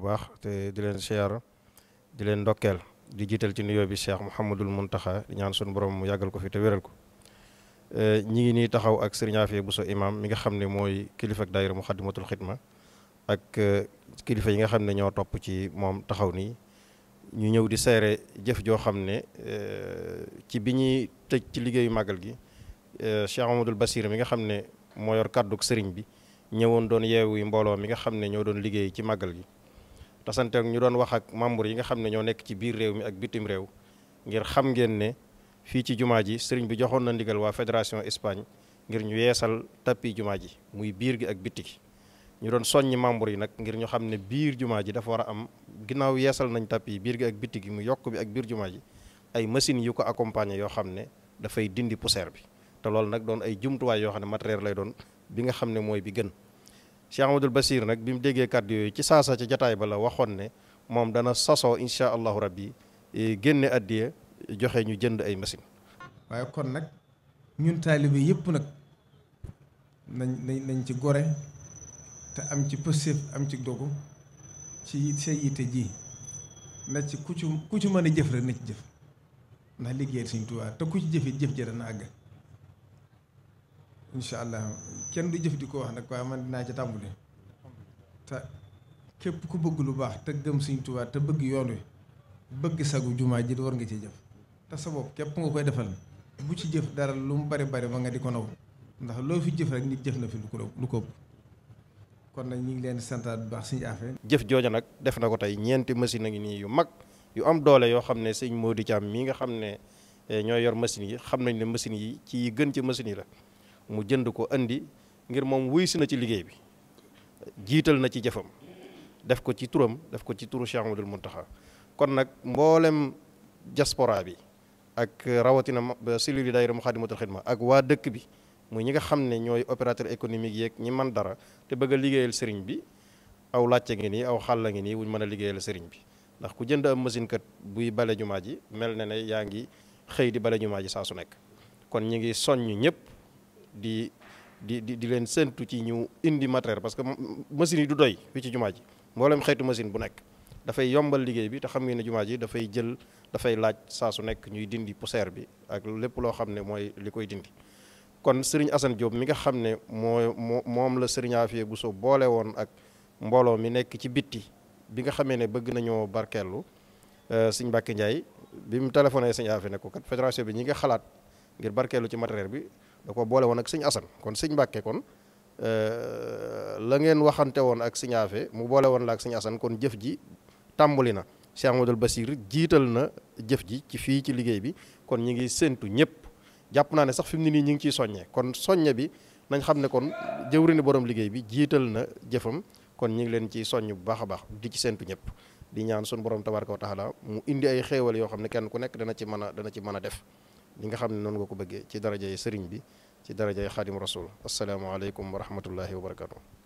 bu baax te di leen siyaara di leen ndokkeel di jiital ci nuyoo bi Cheikh Mouhamadul Mountakha di ñaan sunu borom mu yàggal ko fi te wéral ko euh, ñi ngi nii taxaw ak Serigne Afia Bousso imam mi nga xam ne mooy kilifa ak daayira Muxaddamatul Xidma ak euh, kilifa yi nga xam ne ñoo topp ci moom taxaw nii ñu ñëw di seere jëf joo xam ne euh, ci bi ñuy tëj ci liggéeyu màggal gi Cheikh Mouhamadul Basir mi nga xam ne moo yor kàdduk sëriñ bi ñëwoon doon yeewu mbooloo mi nga xam ne ñoo doon liggéey ci màggal gi tasanteeg ñu doon wax ak membres yi nga xam ne ñoo nekk ci biir réew mi ak bitim réew ngir xam ngeen ne fii ci jumaa ji sëriñ bi joxoon na ndigal waa fédération Espagne ngir ñu yeesal tapis jumaa ji muy biir gi ak bitti ñu doon soññi membres yi nag ngir ñu xam ne biir jumaa ji dafa war a am ginnaaw yeesal nañ tapis biir gi ak bitti gi mu yokk bi ak biir jumaa ji ay machines yu ko accompagner yoo xam ne dafay dindi poussière bi te loolu nag doon ay jumtuwaay yoo xam ne matériel lay doon bi nga xam ne mooy bi gën Cheikh Amadou Bassir nag bi mu déggee kàddu yooyu ci saasa ca jataay ba la waxoon ne moom dana sasoo incha allahu rabbi eh, génne addiya joxe ñu jënd ay machine waaye kon nag ñun taalibe yëpp nag nañ nañ ci gore te am ci pëstéef am ci dogu ci sa yitte ji na ci ku ci ku ci mën a jëf rek na ci jëf ndax liggéey Sëñ Tuubaa te ku ci jëfit jëf ja dana àgg incha allah kenn du jëf di ko wax nag waaye man dinaa ci tàmbuli te képp ku bëgg lu baax te gëm Sëriñ Tuubaa te bëgg yoon wi bëgg sagu jumaa ji war nga ci jëf te sa bopp képp nga koy defal bu ci jëf dara lu mu bari bari ba nga di ko naw ndax loo fi jëf rek nit jëf na fi lu ko lu kon nag ñu ngi leen di santaat bu baax suñu affaire. jëf jooja nag def na ko tey ñeenti machine a ngi nii yu mag yu am doole yoo xam ne sëñ Modou Thiam mii nga xam ne eh, ñoo yor machine yi xam nañ ne machine yi ci gën ci machine yi la. mu jënd ko indi ngir moom wuy na ci liggéey bi jiital na ci jëfam def ko ci turam def ko ci turu Cheikh Amadou Mountakha kon nag mboolem diaspora bi ak rawatina cellule yi daayira Moukhaddamatoul Khidma ak waa dëkk bi muy ñi nga xam ne ñooy opérateur économique yeeg ñi man dara te bëgg liggéeyal sëriñ bi aw làcce ngi nii aw xàlla ngi nii wuñ mën a liggéeyal sëriñ bi ndax ku jënd am machine kat buy bale jumaa ji mel na ne yaa ngi xëy di bale jumaa ji saa su nekk kon ñi ngi soññ ñëpp di di di leen séntu ci ñu indi matériel parce que machine yi du doy fii ci jumaa ji mboolem xeetu machine bu nekk dafay yombal liggéey bi te xam ngeen ne jumaa ji dafay jël dafay laaj saa su nekk ñuy dindi poussière bi ak lépp loo xam ne mooy li koy dindi. kon Serigne Assane Diop mi nga xam ne moo moo moom la Serigne bu soo boole woon ak mbooloo mi nekk ci bitti bi nga xamee ne bëgg nañoo barkeelu euh, Serigne Mbacke Ndiaye bi mu téléphoné Serigne Afia ne ko kat bi ñi nga xalaat ngir barkeelu ci matériel bi. da ko boole woon ak sëñ Asan kon sëñ Mbàkke kon euh, la ngeen waxante woon ak sëñ mu boole woon la ak sëñ Asan kon jëf ji tàmbali na Cheikh Amadou Bassir jiital na jëf ji ci fii ci liggéey bi kon ñu ngi séentu ñëpp jàpp naa ne sax fi mu ne nii ñu ngi ciy soññe kon soññe bi nañ xam ne kon jëwriñu borom liggéey bi jiital na jëfam kon ñu ngi leen ciy soññ bu baax a baax di ci séentu ñëpp di ñaan sunu borom tabaraka wa taala mu indi ay xéewal yoo xam ne kenn ku nekk dana ci mën a dana ci mën a def ni nga xam ne noonu nga ko bëggee ci darajay sëriñ bi ci darajay xaadim rasul asalaamaaleykum wa rahmatullahi wa barakatu